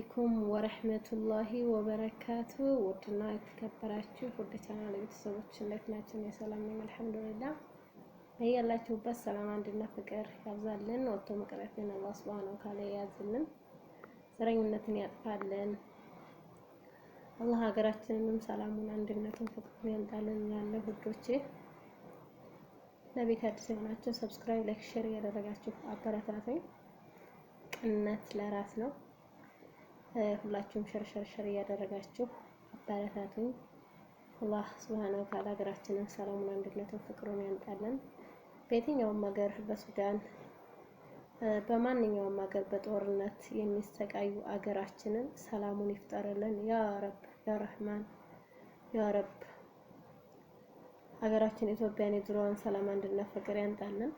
አለይኩም ወረህመቱላሂ ወበረካቱ። ውድና የተከበራችሁ ውድ ቻናል ቤተሰቦች እንዴት ናችሁ? የሰላም ነኝ አልሐምዱሊላህ። በያላችሁበት ሰላም፣ አንድና ፍቅር ያብዛልን። ወጥቶ መቅረትን አላህ ሱብሃነሁ ወተዓላ ያዝልን፣ ዘረኝነትን ያጥፋልን። አላህ ሀገራችንንም ሰላሙን፣ አንድነትን፣ ፍቅሩን ያምጣልን። ያለ ውዶቼ ለቤት አዲስ የሆናችሁ ሰብስክራይብ፣ ላይክ፣ ሼር እያደረጋችሁ አበረታቱኝ። ቅንነት ለራስ ነው። ሁላችሁም ሸርሸርሸር እያደረጋችሁ አበረታቱኝ። አላህ ስብሐነ ወተዓላ ሀገራችንን ሰላሙን፣ አንድነትን፣ ፍቅሩን ያምጣልን። በየትኛውም ሀገር በሱዳን በማንኛውም ሀገር በጦርነት የሚሰቃዩ አገራችንን ሰላሙን ይፍጠርልን። ያ ረብ ያ ረህማን ያ ረብ ሀገራችን ኢትዮጵያን የድሮዋን ሰላም፣ አንድነት፣ ፍቅር ያምጣልን።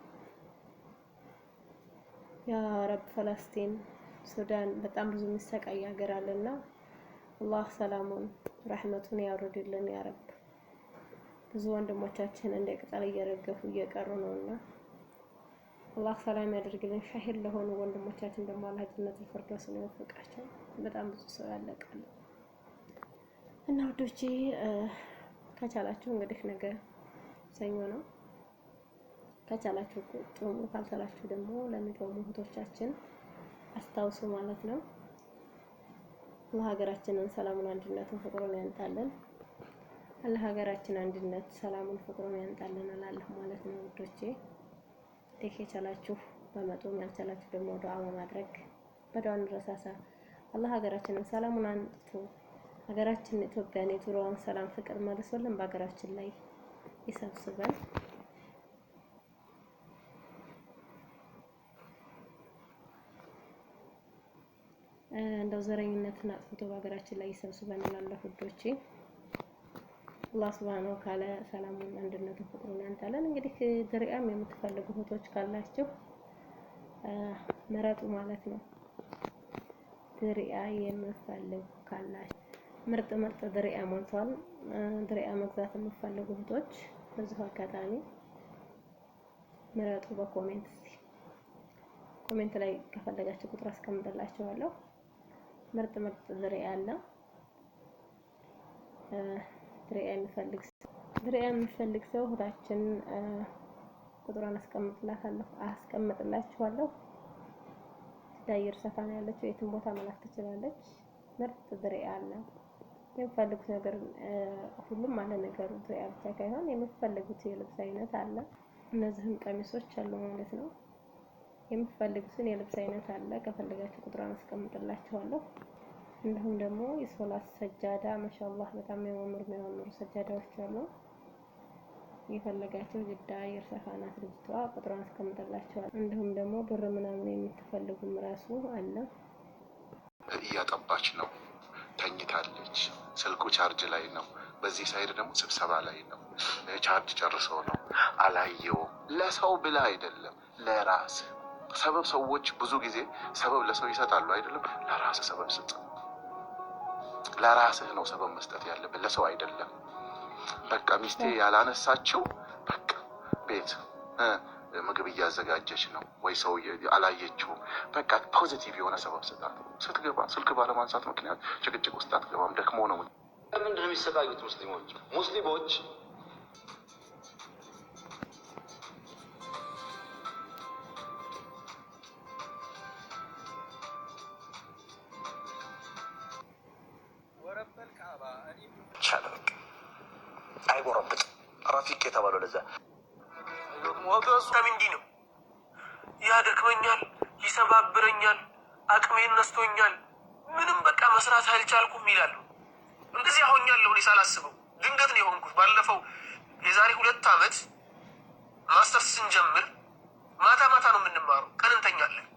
ያ ረብ ፈለስቲን ሱዳን በጣም ብዙ የሚሰቃይ ሀገር አለና አላህ ሰላሙን ረህመቱን ያውርድልን ያረብ። ብዙ ወንድሞቻችን እንደ ቅጠል እየረገፉ እየቀሩ ነውና አላህ ሰላም ያደርግልን። ሻሂድ ለሆኑ ወንድሞቻችን ደግሞ አላህ ጀነቱል ይወፍቃቸው። በጣም ብዙ ሰው ያለቃል እና ውዶቼ ከቻላችሁ እንግዲህ ነገ ሰኞ ነው። ከቻላችሁ ጥሙ፣ ካልቻላችሁ ደግሞ ለሚጾሙ እህቶቻችን አስታውሱ ማለት ነው። ለሀገራችንን ሰላሙን፣ አንድነቱን፣ ፍቅሩን ያንጣለን። ለሀገራችን አንድነት፣ ሰላሙን፣ ፍቅሩን ያንጣለን እላለሁ ማለት ነው ውዶቼ። ቴክ የቻላችሁ በመጦም ያልቻላችሁ ደግሞ ዱዓ በማድረግ በዱዓን ረሳሳ አላህ ሀገራችንን ሰላሙን አንጥቶ ሀገራችን ኢትዮጵያን የድሮዋን ሰላም ፍቅር መልሶልን በሀገራችን ላይ ይሰብስበን። እንደው ዘረኝነትን አጥፍቶ በሀገራችን ላይ ይሰብስበን እላለሁ ውዶቼ። አላህ ሱብሃነሁ ካለ ሰላሙን፣ አንድነቱን፣ ፍቅሩን ያንጣለን። እንግዲህ ድርያም የምትፈልጉ እህቶች ካላችሁ ምረጡ ማለት ነው። ድርያ የምትፈልጉ ካላችሁ ምርጥ ምርጥ ድርያ ሞልቷል። ድርያ መግዛት የምትፈልጉ እህቶች በዚሁ አጋጣሚ ምረጡ በኮሜንት ኮሜንት ላይ ከፈለጋችሁ ቁጥር አስቀምጥላችኋለሁ። ምርጥ ምርጥ ዝርያ አለ። ዝርያ የሚፈልግ ሰው ዝርያ የሚፈልግ ሰው እህታችን ቁጥሯን አስቀምጥላታለሁ አስቀምጥላችኋለሁ። ዳየር ሰፋ ነው ያለችው። የትም ቦታ መላክ ትችላለች። ምርጥ ዝርያ አለ። የሚፈልጉት ነገር ሁሉም አለ ነገሩ ዝርያ ብቻ ሳይሆን የሚፈልጉት የልብስ አይነት አለ። እነዚህም ቀሚሶች አሉ ማለት ነው። የምትፈልጉትን የልብስ አይነት አለ። ከፈለጋችሁ ቁጥሯን አስቀምጥላችኋለሁ። እንዲሁም ደግሞ የሶላት ሰጃዳ ማሻአላህ በጣም የሚያማምሩ የሚያማምሩ ሰጃዳዎች አሉ። የፈለጋችሁ ግዳ የርሳፋናት ልጅቷ ቁጥሯን አስቀምጥላችኋለሁ። እንዲሁም ደግሞ ብር ምናምን የምትፈልጉም ራሱ አለ። እያጠባች ነው፣ ተኝታለች፣ ስልኩ ቻርጅ ላይ ነው። በዚህ ሳይድ ደግሞ ስብሰባ ላይ ነው። ቻርጅ ጨርሶ ነው አላየውም። ለሰው ብላ አይደለም ለራስ ሰበብ ሰዎች ብዙ ጊዜ ሰበብ ለሰው ይሰጣሉ አይደለም። ለራስህ ሰበብ ስጥ። ለራስህ ነው ሰበብ መስጠት ያለብን፣ ለሰው አይደለም። በቃ ሚስቴ ያላነሳችው በቃ ቤት ምግብ እያዘጋጀች ነው ወይ ሰው አላየችውም። በቃ ፖዚቲቭ የሆነ ሰበብ ስጣት። ስትገባ ስልክ ባለማንሳት ምክንያት ጭቅጭቅ ውስጥ አትገባም። ደክሞ ነው። ምንድን ነው የሚሰቃዩት ሙስሊሞች ሙስሊሞች አይጎረብጥ ራፊቅ የተባለው ለዛ ወገሱም ነው። ያደክመኛል፣ ይሰባብረኛል፣ አቅሜ ነስቶኛል፣ ምንም በቃ መስራት አልቻልኩም ይላሉ። እንደዚህ አሆኛለሁ እኔ ሳላስበው ድንገት ነው የሆንኩት። ባለፈው የዛሬ ሁለት ዓመት ማስተርስ ስንጀምር ማታ ማታ ነው የምንማረው፣ ቀን እንተኛለን።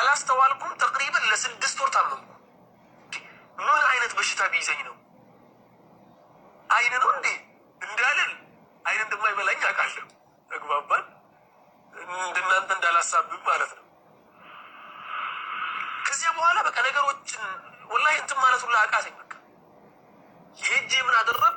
አላስተዋልኩም። ተቅሪበን ለስድስት ወር ታመምኩ። ምን አይነት በሽታ ቢይዘኝ ነው አይን ነው እንዴ እንዳልን አይን እንደማይበላኝ አውቃለሁ። ተግባባን። እንደናንተ እንዳላሳብብ ማለት ነው። ከዚያ በኋላ በቃ ነገሮችን ወላሂ እንትን ማለት ሁላ አቃተኝ። በቃ ሄጄ ምን አደረግ